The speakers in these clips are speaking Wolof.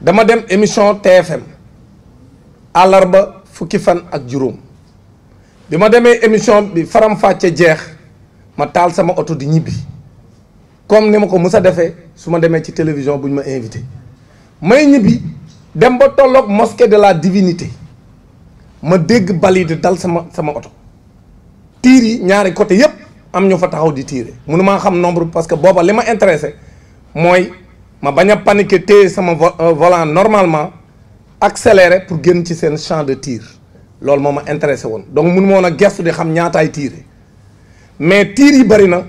dama dem émission TFM àllarba fukki fan ak juróom bi ma demee émission bi faram-fàcce jeex ma taal sama auto di ñibbi comme ni ma ko mës a defee su ma demee ci télévision bu ñu ma invité may ñibbi dem ba tolloog mosquée de la divinité ma dégg balide dal sama sama oto tiir yi ñaari côté yépp am ñu fa taxaw di tiire mënu maa xam nombre parce que booba li ma intéressé mooy ma bañ a paniquer téye sama euh, volant normalement accéléré pour génn ci seen champ de tir loolu moo ma intéressé woon donc mun moon a gestu di xam ñaataay tiire mais tiir yi bëri na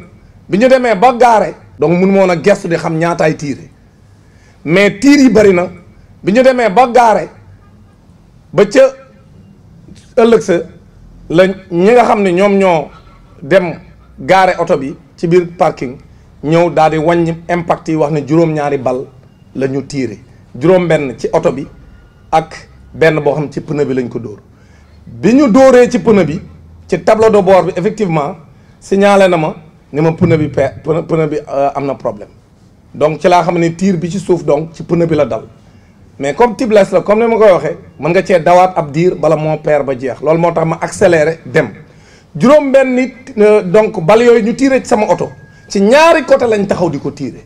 bi ñu demee ba gaare donc mun moon a gestu di xam ñaataay tiire mais tiir yi bëri na bi ñu demee ba ba ca ëllëg sa la ñi nga xam ne ñoom ñoo dem gaare oto bi ci biir parking ñëw daal di wàññi impact yi wax ne juróom-ñaari bal la ñu tiire juróom-benn ci oto bi ak benn boo xam ci pneu bi lañ ko dóor bi ñu dóoree ci pneu bi ci tableau de bord bi effectivement siñaale na ma ni ma pneu bi pe pneu bi euh, am na problème donc ci laa xam ne tiir bi ci suuf donc ci pneu bi la dal mais comme tubeless la comme ni ma koy waxee mën nga cee dawaat ab diir bala moo peer ba jeex loolu moo tax ma accéléré dem juróom-benn nit euh, donc bal yooyu ñu tiire sama oto. ci ñaari côté lañ taxaw di ko tiire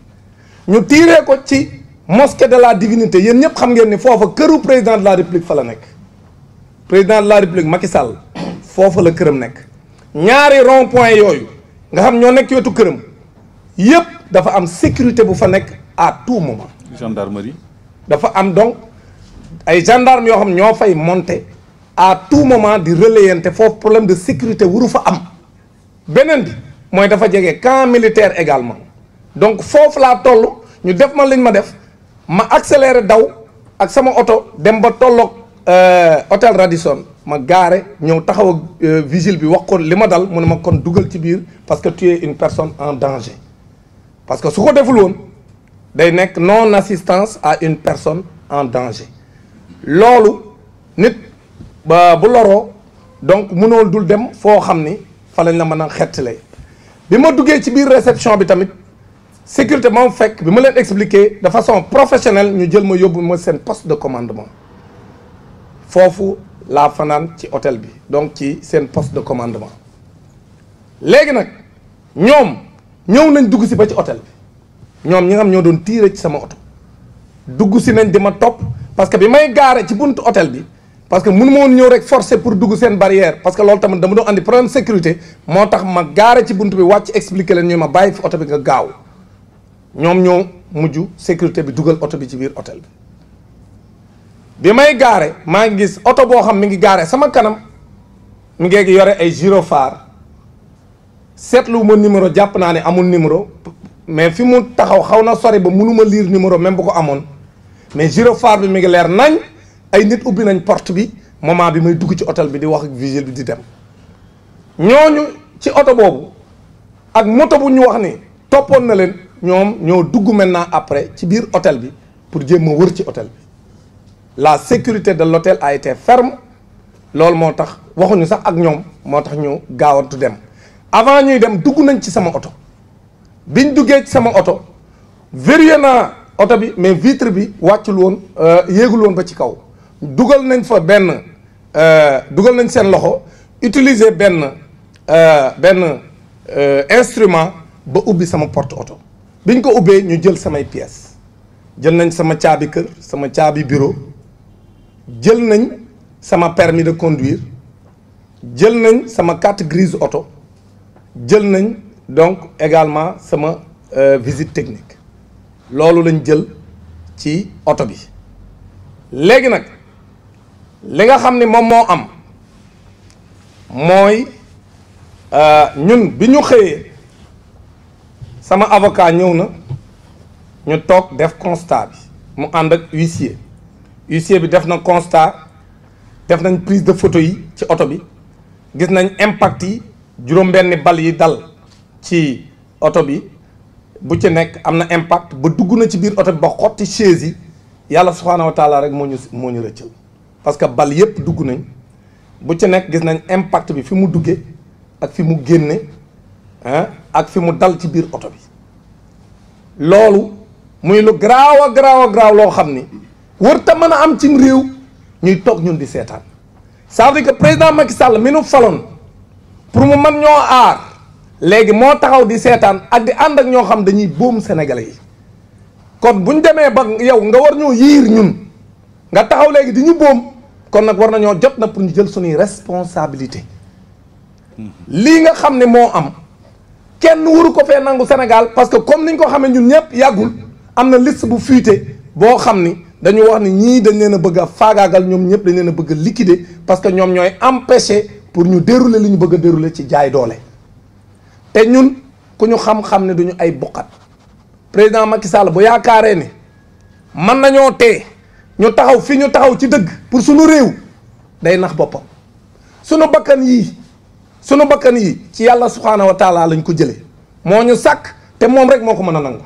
ñu tiiree ko ci mosquée de la divinité yéen ñëpp xam ngeen ni foofa këru président de la république fa la nekk président de la république Macky Sall foofa la këram nekk ñaari rond yooyu nga xam ñoo nekk wetu këram yëpp dafa am sécurité bu fa nekk à tout moment. gendarmerie. dafa am donc ay gendarmes yoo xam ñoo fay monter à tout moment di relayante foofu problème de sécurité waru fa am beneen bi. mooy dafa jege camp militaire également donc foofu laa toll ñu def ma lañ ma def ma accéléré daw ak sama oto dem ba tolloog euh, hôtel Radisson ma gaare ñëw taxaw ak euh, vigile bi wax ko li ma dal mu ne ma kon dugal ci biir parce que tu es une personne en danger parce que su ko deful woon day nekk non assistance à une personne en danger loolu nit ba bu loroo donc mënoo dul dem foo xam ni fa lañ la mën a xettale bi ma duggee ci biir réception bi tamit sécurité mu fekk bi ma leen expliqué de façon professionnelle ñu jël ma yóbbu ma seen poste de commandement foofu laa fanaan ci hôtel bi donc ci seen poste de commandement léegi nag ñoom ñëw nañ dugg si ba ci hôtel bi ñoom ñi xam ñoo doon tiire ci sama oto dugg si nañ di ma topp parce que bi may gaare ci buntu hôtel bi parce que mënu ma woon ñëw rek forcer pour dugg seen barrière parce que loolu tamit dama doon andi problème sécurité moo tax ma gaare ci buntu bi wàcc expliqué leen ñu ma bàyyi fi oto bi nga gaaw ñoom ñoo mujj sécurité bi dugal auto bi ci biir hôtel bi. bi may gaare maa ngi gis oto boo xam mi ngi gaare sama kanam mi ngi yore ay gyrophare seetlu ma numéro jàpp naa ne amul numéro mais fi mu taxaw xaw na sori ba mënu liir lire numéro même bu ko amoon mais gyrophare bi mi ngi leer nañ. ay nit ubbi nañ porte bi moment bi may dugg ci hôtel bi di wax ak vigile bi di dem ñooñu ci oto boobu ak moto bu ñu wax ni toppoon na leen ñoom ñoo dugg maintenant après ci biir hôtel bi pour jéem wër ci hôtel bi la sécurité de l'hôtel a été ferme loolu moo tax waxuñu sax ak ñoom moo tax ñu gaawantu dem avant ñuy dem dugg nañ ci sama oto biñ duggee ci sama oto vérifié naa oto bi mais vitre bi wàccul woon euh, yéegul woon ba ci kaw dugal nañ fa benn euh, dugal nañ seen loxo utiliser benn euh, benn euh, instrument ba ubbi sama porte oto biñ ko ubbee ñu jël samay pièces jël nañ sama caabi kër sama caabi bureau jël nañ sama permis de conduire jël nañ sama carte grise oto jël nañ donc également sama visite technique loolu lañ jël ci oto bi léegi nag li nga xam ni moom moo am mooy euh, ñun bi ñu xëyee sama avocat ñëw na ñu toog def constat bi mu ànd ak huissier huissier bi def na constat def nañ prise de photo yi ci oto bi gis nañ impact yi juróom-benni bal yi dal ci oto bi bu ci nekk am na impact ba dugg na ci biir oto bi ba xotti chaise yi yàlla subhaanahu wa taala rek moo ñu moo ñu rëccal parce que bal yëpp dugg nañ bu ci nekk gis nañ impact bi fi mu duggee ak fi mu génne ak fi mu dal ci biir oto bi loolu muy lu garaaw a garaaw loo xam ni wër ta mën a am cim réew ñuy toog ñun di seetaan ça veut dire que président Macky Sall mi nu faloon pour mu man ñoo aar léegi moo taxaw di seetaan ak di ànd ak ñoo xam dañuy boom sénégalais yi kon bu ñu demee ba yow nga war ñoo yiir ñun nga taxaw léegi di ñu boom kon nag war nañoo jot na pour ñu jël suñuy responsabilité lii nga xam ne moo am kenn waru ko fee nangu Sénégal parce que comme ni ñu ko xamee ñun ñëpp yàggul am na liste bu fuité boo xam ni dañu wax ni ñii dañ leen a bëgg a faagaagal ñoom ñëpp dañ leen a bëgg a parce que ñoom ñooy empêcher pour ñu dérouler li ñu bëgg a dérouler ci jaay doole te ñun ku ñu xam-xam ne duñu ay buqat président Macky Sall bu yaakaaree ne mën nañoo tee ñu taxaw fi ñu taxaw ci dëgg pour suñu réew day nax boppam sunu bakkan yii sunu bakkan yii ci yàlla subhaanahu wa taala lañ ko jëlee moo ñu sàkk te moom rek moo ko mën a nangu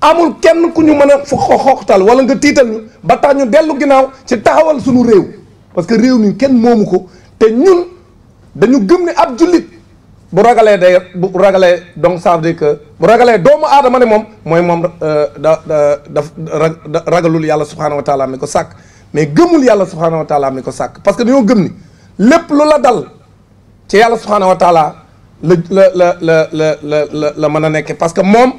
amul kenn ku ñu mën a xoxtal wala nga tiital ñu ba tax ñu dellu ginnaaw ci taxawal sunu réew parce que réew mi kenn moomu ko te ñun dañu gëm ne ab jullit bu ragalee day bu ragalee donc ça veut que bu ragalee doomu aadama ne moom mooy moom euh, da da da ragalul yàlla subhaanahu wa taala mi ko sàkk mais gëmul yàlla subhaanahu wa taala mi ko sàkk parce que dañoo gëm ni lépp lu la dal ci yàlla subhaanahu wa la la la la mën a nekkee parce que moom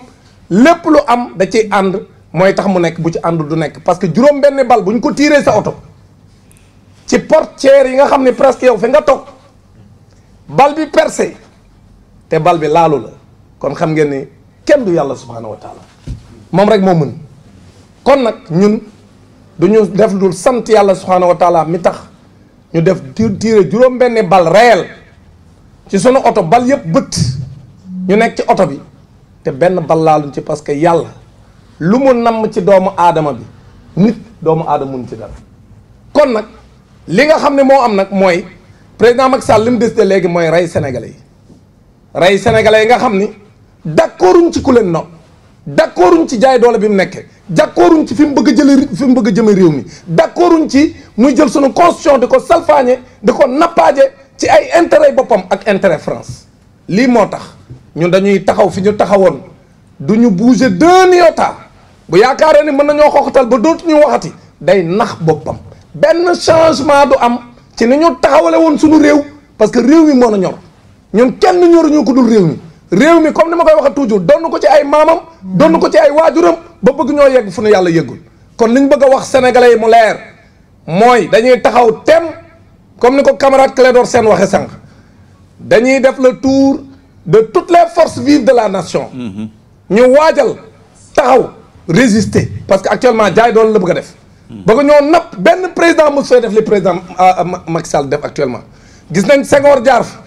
lépp lu am da ciy ànd mooy tax mu nekk bu ci àndul du nekk parce que juróom benn bal bu ñu ko tiiree sa oto ci portière yi nga xam ne presque yow fi nga toog bal bi percé te bal bi laalu la kon xam ngeen ni kenn du yàlla subhaanahu wa moom rek moo mën kon nag ñun duñu def dul sant yàlla subhaanahu wa mi tax ñu def tiire juróom-benni bal réel ci sunu oto bal yëpp bët ñu nekk ci oto bi te benn bal laaluñ ci parce que yàlla lu mu namm ci doomu aadama bi nit doomu aadama mun ci dara kon nag li nga xam ne moo am nag mooy président Macky Sall li mu décidé léegi mooy rey sénégalais yi rey sénégalais yi nga xam ni d'accorduñ ci ku leen no d'accorduñ ci jaay doole bi mu nekkee d'accorduñ ci fi mu bëgg a jëlee fi mu bëgg a jëme réew mi d'accorduñ ci muy jël sunu constitution di ko salfaañe di ko nappaaje ci ay intérêt boppam ak intérêt France lii moo tax ñun dañuy taxaw fi ñu taxawoon du ñu bouger d'un iota bu yaakaaree ni mën nañoo xoxatal ba dootuñu waxati day nax boppam benn changement du am ci ni ñu taxawale woon sunu réew parce que réew mi moo na ñun kenn ñoruñu ko dul réew mi réew mi comme ni ma koy waxee toujours donn ko ci ay maamam donn ko ci ay waajuram ba bëgg ñoo yegg fu nu yàlla yeggul kon li ñu bëgg a wax sénégalais yi mu leer mooy dañuy taxaw tem comme ni ko camarade Clédor seen waxee sànq dañuy def le tour de toutes les forces vives de la nation mhm. ñu waajal taxaw résister parce que actuellement jaay doon la bëgg a def mhm. bëgg ñoo napp benn président mos fee def li président euh, euh, Macky Sall def actuellement gis nañ Senghor jaar fa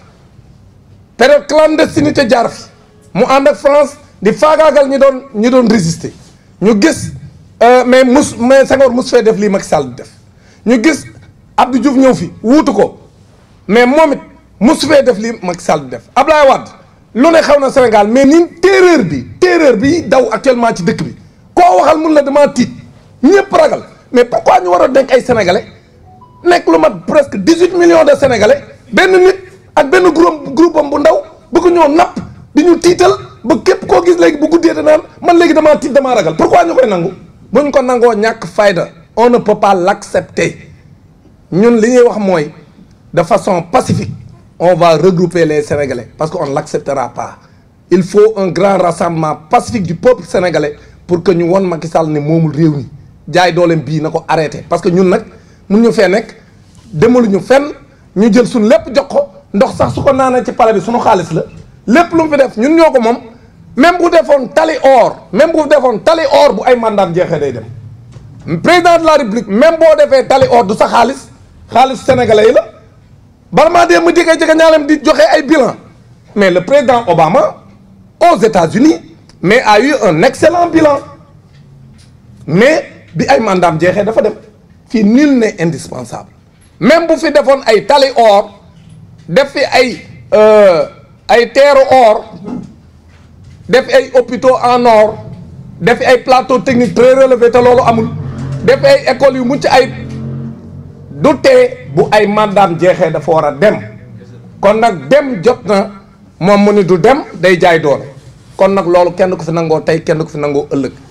période clandestinité jaar fi mu ànd ak France di faagaagal ñu doon ñi doon résister ñu gis euh, mais mus mais Senghor mus fee def lii Macky Sall di def ñu gis Abdou Diouf ñëw fi wuutu ko mais moom it mus fee def lii mag Sall di def Abdoulaye Wade lu ne xaw na Sénégal mais ni terreur bi terreur bi daw actuellement ci dëkk bi koo waxal mun la dama tiit ñëpp ragal mais pourquoi ñu war a nekk ay sénégalais nekk lu mat presque dix huit millions de sénégalais benn nit. ak benn groupe groupe bu ndaw bu ko ñoo napp di ñu tiital ba képp koo gis léegi bu guddee da naan man léegi damaa tiit damaa ragal pourquoi ñu koy nangu bu ñu ko nangoo ñàkk fayda on ne peut pas l'accepter ñun li ñuy wax mooy de façon pacifique on va regrouper les sénégalais parce que on l'acceptera pas il faut un grand rassemblement pacifique du peuple sénégalais pour que ñu won Macky Sall ne moomul réew mi jaay dooleem bii na ko arrêté parce que ñun nag mun ñu fee nekk demaluñu fenn ñu jël suñ lépp jox ko ndox sax su ko naanee ci pale bi suñu xaalis la lépp lu fi def ñun ñoo ko moom même bu defoon tali or même bu defoon tali or bu ay mandaam jeexee day dem président la république même boo defee tali or du sa xaalis xaalis sénégalais yi la barma dee mu jege jege ñaalem di joxee ay bilan mais le président Obama aux États-Unis mais a eu un excellent bilan mais bi ay mandaam jeexee dafa dem fii nul n'est indispensable même bu fi defoon ay tali or def fi ay euh, ay teeru or def ay hôpitaux en or def fi ay plateau technique très relevé te loolu amul def ay écoles yu mucc ay du te bu ay mandaam jeexee dafa war a dem kon nag dem jot na moom mu ni du dem day jaay doon kon nag loolu kenn ko fi nangoo tey kenn ko fi nangoo ëllëg